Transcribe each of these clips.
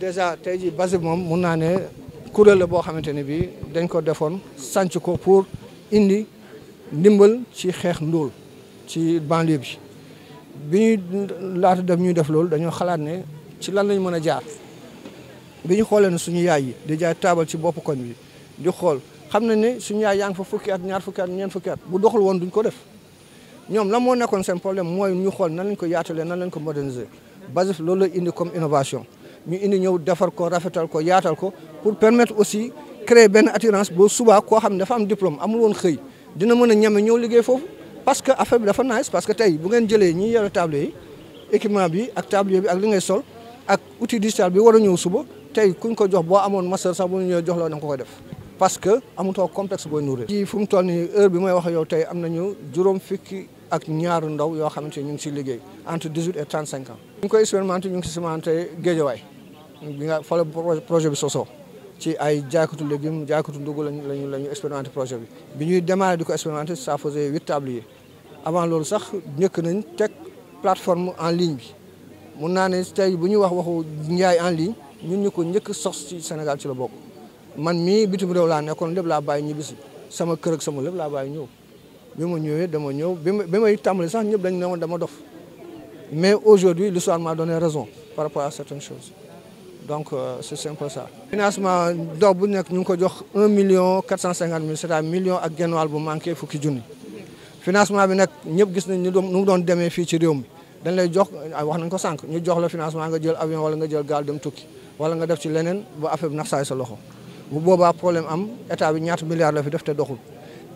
dèjà tey ji base moom mun naa ne kuréel la boo xamante ne bii dañ ko defoon sànc ko pour indi ndimbal ci xeex ndóol ci banlieue bi bi ñuy laata def ñuy def loolu dañoo xalaat ne ci lan lañ mën a jaar bi ñu xoolee ne suñu yaay yi di jaay taabal ci bopp koñ xool xam nañ ne suñu yaay yaa ngi fa fukki at ñaar fukki at ñeent fukki bu doxul woon duñ ko def ñoom la moo nekkoon seen problème mooy ñu xool na lañ ko yaatalee na lañ ko moderniser basif loolu la indi comme innovation ñu indi ñëw defar ko rafetal ko yaatal ko pour permettre aussi créer benn attirance boo subaa koo xam ne dafa am diplôme amul woon xëy dina mën a ñeme ñëw liggéey foofu. parce que affaire bi dafa nice parce que tey bu ngeen jëlee ñi yore table yi équipement bi ak tablier bi ak li ngay sol ak outil digital bi war a ñëw suba tey kuñ ko jox boo amoon master sax bu ñu ñëwee jox la da nga ko koy def. parce que amutoo complexe booy nourrir. ci tol mu toll heure bi may wax yow tey am nañu juróom fukki ak ñaar ndaw yoo xamante ni ñu ngi si liggéey entre dix huit et trente ngi koy expérimenté ñu ngi si semence Géejawaay bi nga fa la projet bi sosoo ci ay jaaykatu légumes jaaykatu ndugg lañu lañu la ñu expérimenté projet bi bi ñuy démarré di ko expérimenté ça faisait huit tabliers avant loolu sax njëkk nañ teg plateforme en ligne bi mun naa ne tey bu ñuy wax waxu njaay en ligne ñun ñu ko njëkk sos ci Sénégal ci la bokk man mii bitim réew laa nekkoon lépp laa bàyyi ñibbisi sama kër ak sama lépp laa bàyyi ñëw bi ma ñëwee dama ñëw bi ma bi may tàmbali sax ñëpp dañ ne woon dama dof mais aujourd'hui l'histoire m'a donné raison par rapport à certaines donc euh, c' est simple ça. financement doom bu nekk ñu ngi ko jox million quatre cent cinquante mille c' est à million ak genn wàll bu manqué fukki junni financement bi nag ñëpp gis nañ ñu doon ñu doon demee fii ci réew mi dañu lay jox ah, wax nañ ko sànq ñu jox la financement nga jël avion wala nga jël gaal dem tukki wala nga def ci leneen ba affaire bi nax saay sa loxo bu boobaa problème am état bi ñaata milliards la fi def te doxul.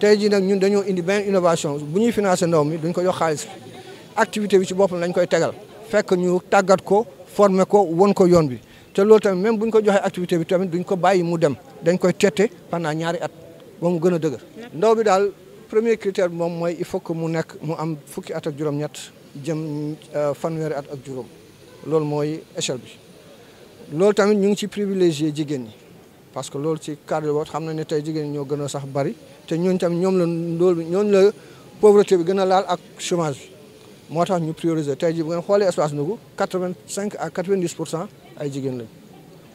te jii nag ñun dañoo indi benn innovation bu ñuy financé ndaw mi duñ ko jox xaalis activité bi ci boppam lañ koy tegal fekk ñu tàggat ko former ko won ko yoon bi. te loolu tamit même bu ñu ko joxee activité bi tamit duñ ko bàyyi mu dem dañ koy tette pendant ñaari at ba gën a dëgër. ndaw bi daal premier critère moom mooy il faut que mu nekk mu am fukki at ak juróom-ñett euh, at ak juróom loolu mooy échelle loolu tamit ñu ngi ci privilégié jigéen ñi parce que loolu ci cadre boobu xam na ne tey jigéen ñoo gën a sax bari te ñooñu tamit ñoom la loolu ñooñu la pauvreté bi gën a laal ak chômage bi. moo tax ñu prioriser tey jii bu ngeen xoolee espace Ndougu quatre-vingt-cinq à quatre-vingt-dix pour cent ay jigéen lañ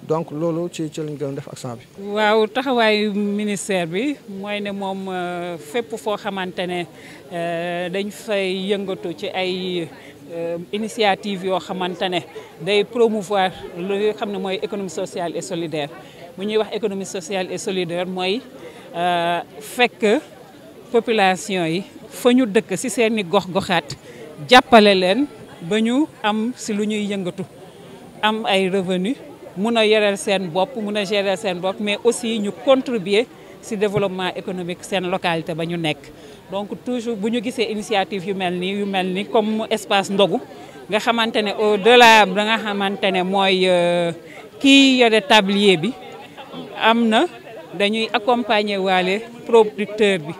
donc loolu ci ci lañ gën def def accent bi. waaw taxawaayu ministère bi mooy ne moom euh, fépp foo xamante ne euh, dañ fay yëngatu ci ay euh, initiative yoo xamante ne day promouvoir li nga xam ne mooy économie sociale et solidaire bu ñuy wax économie sociale et solidaire mooy fekk population yi fa ñu dëkk ci seeni gox-goxaat. jàppale leen ba ñu am si lu ñuy yëngatu am ay revenu mun a yoreel seen bopp mun a gérer seen bopp mais aussi ñu contribuer si développement économique seen localité ba ñu nekk donc toujours bu ñu gisee initiative yu mel nii yu mel ni comme espace ndogu nga xamante ne au delà da nga xamante ne mooy euh, kii yore tablier bi am na dañuy accompagner waale producteur bi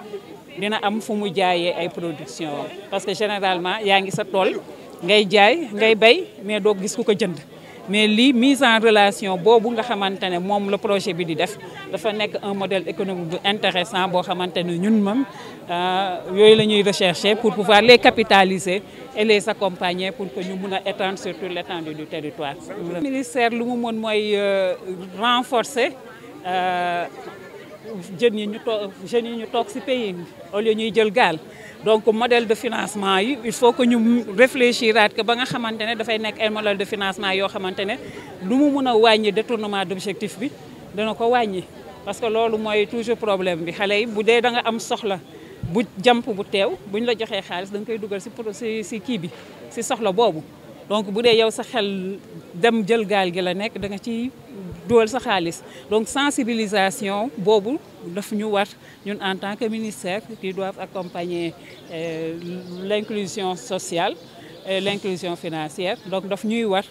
dina am fu mu jaayee ay production parce que généralement yaa ngi sa tool ngay jaay ngay bay mais doo gis ku ko jënd mais lii mise en relation boobu nga xamante ne moom la projet bi di def dafa nekk un modèle économique bu intéressant boo xamante ne ñun moom euh, yooyu la ñuy rechercher pour pouvoir les capitaliser et les accompagner pour que ñu mun a étendre surtout l'étendue du territoire. ministère lu mu mën mooy euh, renforcer. Euh, jeunes yi ñu toog jeunes yi ñu toog si pays bi ñuy jël gaal donc modèle de financement yi il faut que ñu réfléchiraat que ba nga xamante ne dafay nekk ay modèle de financement yoo xamante ne lu mu mun a wàññi détournement d' objectif bi dana ko wàññi parce que loolu mooy toujours problème bi xale yi bu dee da am soxla bu jàmp bu teew bu ñu la joxee xaalis da koy dugal si si si kii bi si soxla boobu donc bu dee yow sa xel dem jël gaal gi la nekk duwal sa donc sensibilisation boobu daf ñu war ñun en tant que ministère qui doivent accompagner euh, l'inclusion sociale et l'inclusion financière donc daf ñuy war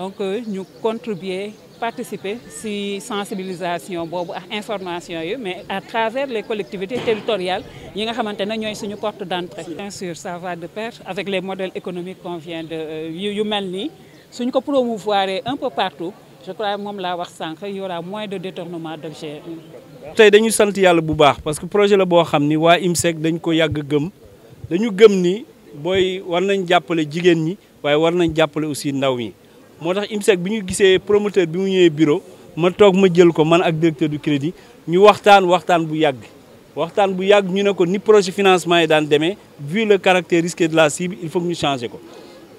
donc euh, ñu contribuer participer si sensibilisation boobu ak information yi mais à travers les collectivités territoriales yi nga xamante ne ñooy suñu porte d'entrée. bien sûr ça va de pair avec les modèles économiques qu'on de euh, yu mel nii suñ ko promouvoir un peu partout. je crois moom laa wax sànq y aura moins de détournement tey dañu sant yàlla bu baax parce que projet la boo xam ni waa IMSEC dañ ko yàgg gëm dañu gëm ni booy war nañ jàppale jigéen ñi waaye war nañ jàppale aussi ndaw ñi moo tax IMSEC bi ñu gisee promoteur bi mu ñëwee bureau ma toog ma jël ko man ak directeur du crédit ñu waxtaan waxtaan bu yàgg waxtaan bu yàgg ñu ne ko ni projet financement yi daan demee vu le caractère risqué de la sible il faut ñu changer ko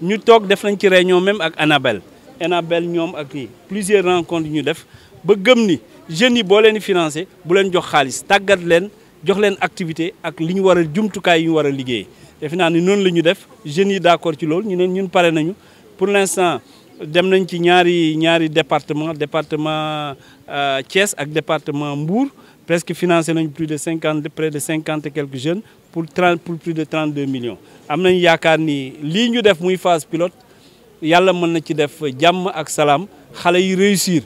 ñu toog def nañ ci réunion même ak Annabelle Enabel ñoom ak kii plusieurs rencontres ñu def ba gëm ni jeunes yi boo leen di financé bu leen jox xaalis tàggat leen jox leen activité ak li ñu war a jumtukaay yu ñu war a liggéey defe naa ni noonu la ñu def jeunes yi d'accord ci loolu ñu ne ñun pare nañu pour l'instant dem nañ ci ñaari ñaari département département euh, Thiès ak département Mbour presque financé nañ plus de cinquante près de cinquante et quelques jeunes pour trente pour plus de trente deux millions am nañ yaakaar ni lii ñu def muy phase pilote yàlla mën na ci def jàmm ak salaam xale yi réussir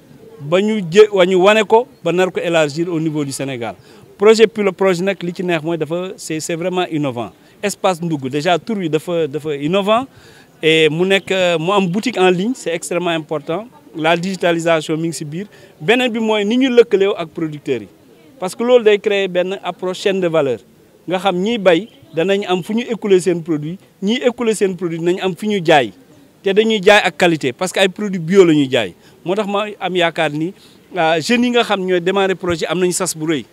ba ñu jé wa ñu wane ko ba nar ko élargir au niveau du Sénégal projet pilote projet nag li ci neex mooy dafa c'est c'est vraiment innovant espace Ndougu déjà tur wi dafa dafa innovant et mu nekk mu am boutique en ligne c'est extrêmement important la digitalisation mi ngi ci biir beneen bi mooy ni ñu lëkkalewoo ak producteurs yi parce que loolu day créer benn approche chaîne de valeur nga xam ñii bay danañ am fu écouler seen produit ñiy seen produit danañ am fu ñu jaay te dañuy jaay ak qualité parce que ay produits bio la ñuy jaay moo tax ma am yaakaar ni ah, jeunes yi nga xam ñooy démarrer projet am nañu sas bu rëy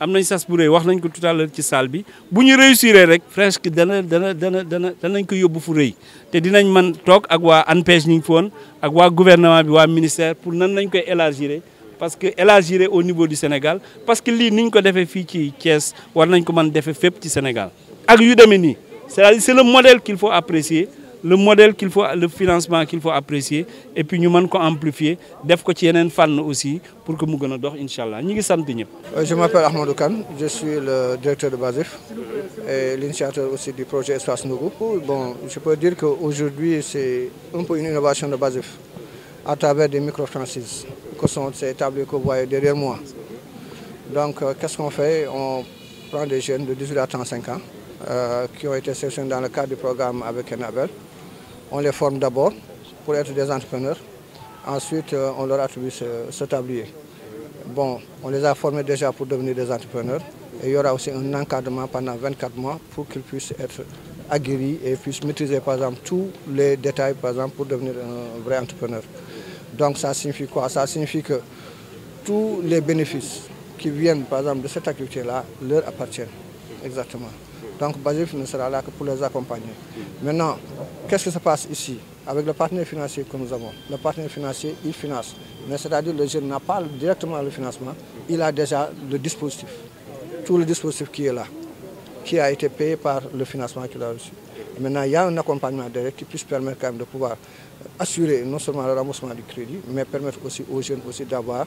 am nañ sas bu wax nañ ko tout à ci salle bi bu ñu réussir rek presque dana dana dana dana danañ ko yóbbu fu rëy te dinañ mën toog ak waa ANPEJ ñu ngi foon ak waa gouvernement bi waa ministère pour nan nañ koy élargir parce que élargir au niveau du Sénégal parce que lii ni ñu ko defee fii ci Thiès war nañ ko mën defee fépp ci Sénégal ak yu demee nii c'est-à-dire le modèle qu'il faut le financement qu'il faut apprécier et puis ñu mën ko amplifier def ko ci yeneen fànn aussi pour que mu gën a dox incha allah ñu ngi sant ñëpp. Euh, je m'appelle Ahmadou Kane je suis le directeur de Basif et l'initiateur aussi du projet Espace Nouveau bon je peux dire que aujourd'hui c'est un peu une innovation de Basif à travers des micro-franchises qui sont établies que vous voyez derrière moi donc euh, qu'est-ce qu'on fait on prend des jeunes de 18 à 35 ans euh, qui ont été sélectionnés programme avec un on les forme d'abord pour être des entrepreneurs. Ensuite, euh, on leur attribue ce, ce tablier. Bon, on les a formés déjà pour devenir des entrepreneurs. Et il y aura aussi un encadrement pendant 24 mois pour qu'ils puissent être aguerris et puissent maîtriser, par exemple, tous les détails, par exemple, pour devenir un vrai entrepreneur. Donc ça signifie quoi? Ça signifie que tous les bénéfices qui viennent, par exemple, de cette activité-là, leur appartiennent. Exactement. Donc BASIF ne sera là que pour les accompagner. Maintenant, qu'est-ce qui se passe ici Avec le partenaire financier que nous avons, le partenaire financier, il finance. Mais c'est-à-dire le jeune n'a pas directement le financement, il a déjà le dispositif, tout le dispositif qui a été payé par le financement qu'il a reçu. Et maintenant, il y a un accompagnement direct qui puisse permettre quand même non seulement le remboursement du crédit, mais permettre aussi aux jeunes aussi d'avoir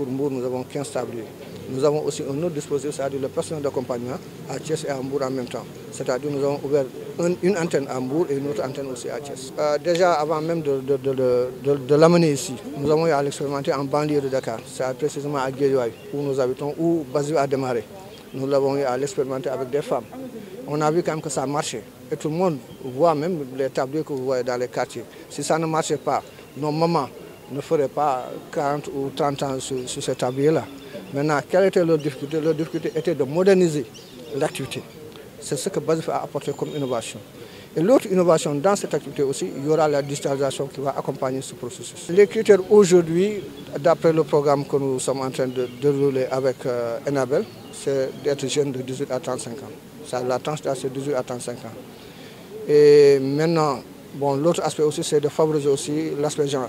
pour Mbour, nous avons 15 tabliers. Nous avons aussi un autre dispositif, c'est-à-dire le personnel d'accompagnement à Thiès et à Mbour en même temps. C'est-à-dire nous avons ouvert une antenne à Mbour et une antenne aussi à Thiès. Euh, déjà avant même de, l'amener ici, nous avons eu à l'expérimenter en banlieue de Dakar, c'est précisément à Guédiouaï, où nous habitons, où Basio a démarré. Nous l'avons eu à l'expérimenter avec des femmes. On a vu quand même que ça marchait. Et tout ne ferait pas 40 ou 30 ans sur, sur tablier-là. Maintenant, quelle était leur difficulté Leur difficulté était de moderniser l'activité. C'est ce que Basif a apporté comme innovation. Et l'autre innovation dans cette activité aussi, il y aura la digitalisation qui va accompagner ce processus. Les critères aujourd'hui, d'après le programme que nous sommes en train de dérouler avec euh, Enabel, c'est d'être jeune de 18 à 35 ans. la tranche d'âge, c'est 18 à bon, l'autre aspect aussi, c'est de favoriser aussi l'aspect genre.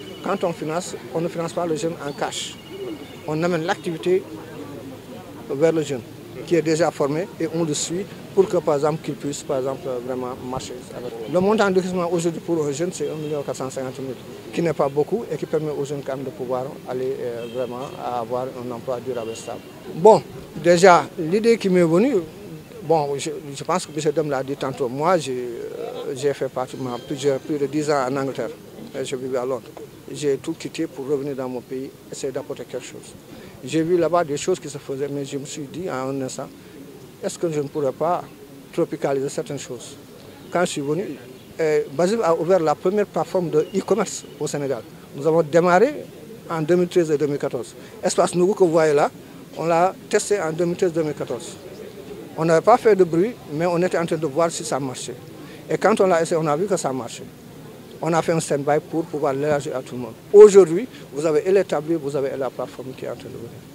Quand on finance, on ne finance pas le jeune en cash. On amène l'activité vers le jeune qui est déjà formé et on le suit pour que par exemple qu'il puisse par exemple vraiment marcher avec le montant d'investissement aujourd'hui pour un jeune c'est 1 450 000 qui n'est pas beaucoup et qui permet aux jeunes quand de pouvoir aller euh, vraiment avoir un emploi durable et stable. Bon, déjà l'idée qui m'est venue, je, pense que M. Dem l'a dit tantôt, moi j'ai euh, fait pratiquement à Londres. j'ai tout quitté pour revenir dans mon pays, essayer d'apporter quelque chose. J'ai vu là-bas des choses qui se faisaient, mais je me suis dit à un est-ce que je ne pourrais pas tropicaliser certaines choses Quand je suis venu, eh, Basile ouvert la première plateforme de e-commerce au Sénégal. Nous avons démarré en 2013 et 2014. Espace nouveau que vous voyez là, on l'a testé en On n'avait pas fait de bruit, mais on était en train de voir si ça marchait. Et quand on a fait un stand-by pour pouvoir l'élargir à tout le monde. Aujourd'hui, vous avez et l'établi, vous avez et la plateforme qui est en train de venir.